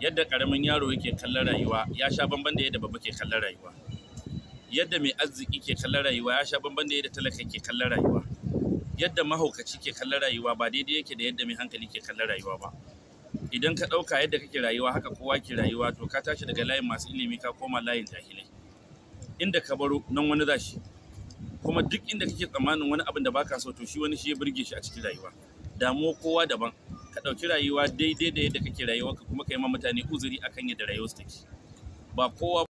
yadda karamin yaro yake kallon rayuwa ya sha bamban da yadda babba ke kallon rayuwa yadda mai arziki ke kallon rayuwa ya sha bamban da yadda talaka ke kallon rayuwa yadda mahaukaci ke kallon rayuwa ba daidai yake da yadda mai hankali ke kallon rayuwa ba idan ka ɗauka yadda kake rayuwa haka kowa ke rayuwa to ka tashi daga layin masu ilimi ka koma layin jahilai inda ka baro nan wani zashi kuma duk inda kake tsammanin wani abin da baka so to shi wani shi ya burge shi a cikin rayuwa damuwa kowa daban ka ɗauki rayuwa daidai da yadda kake ka kuma ka yi ma mutane uzuri akan yadda rayuwarsu take ba kowa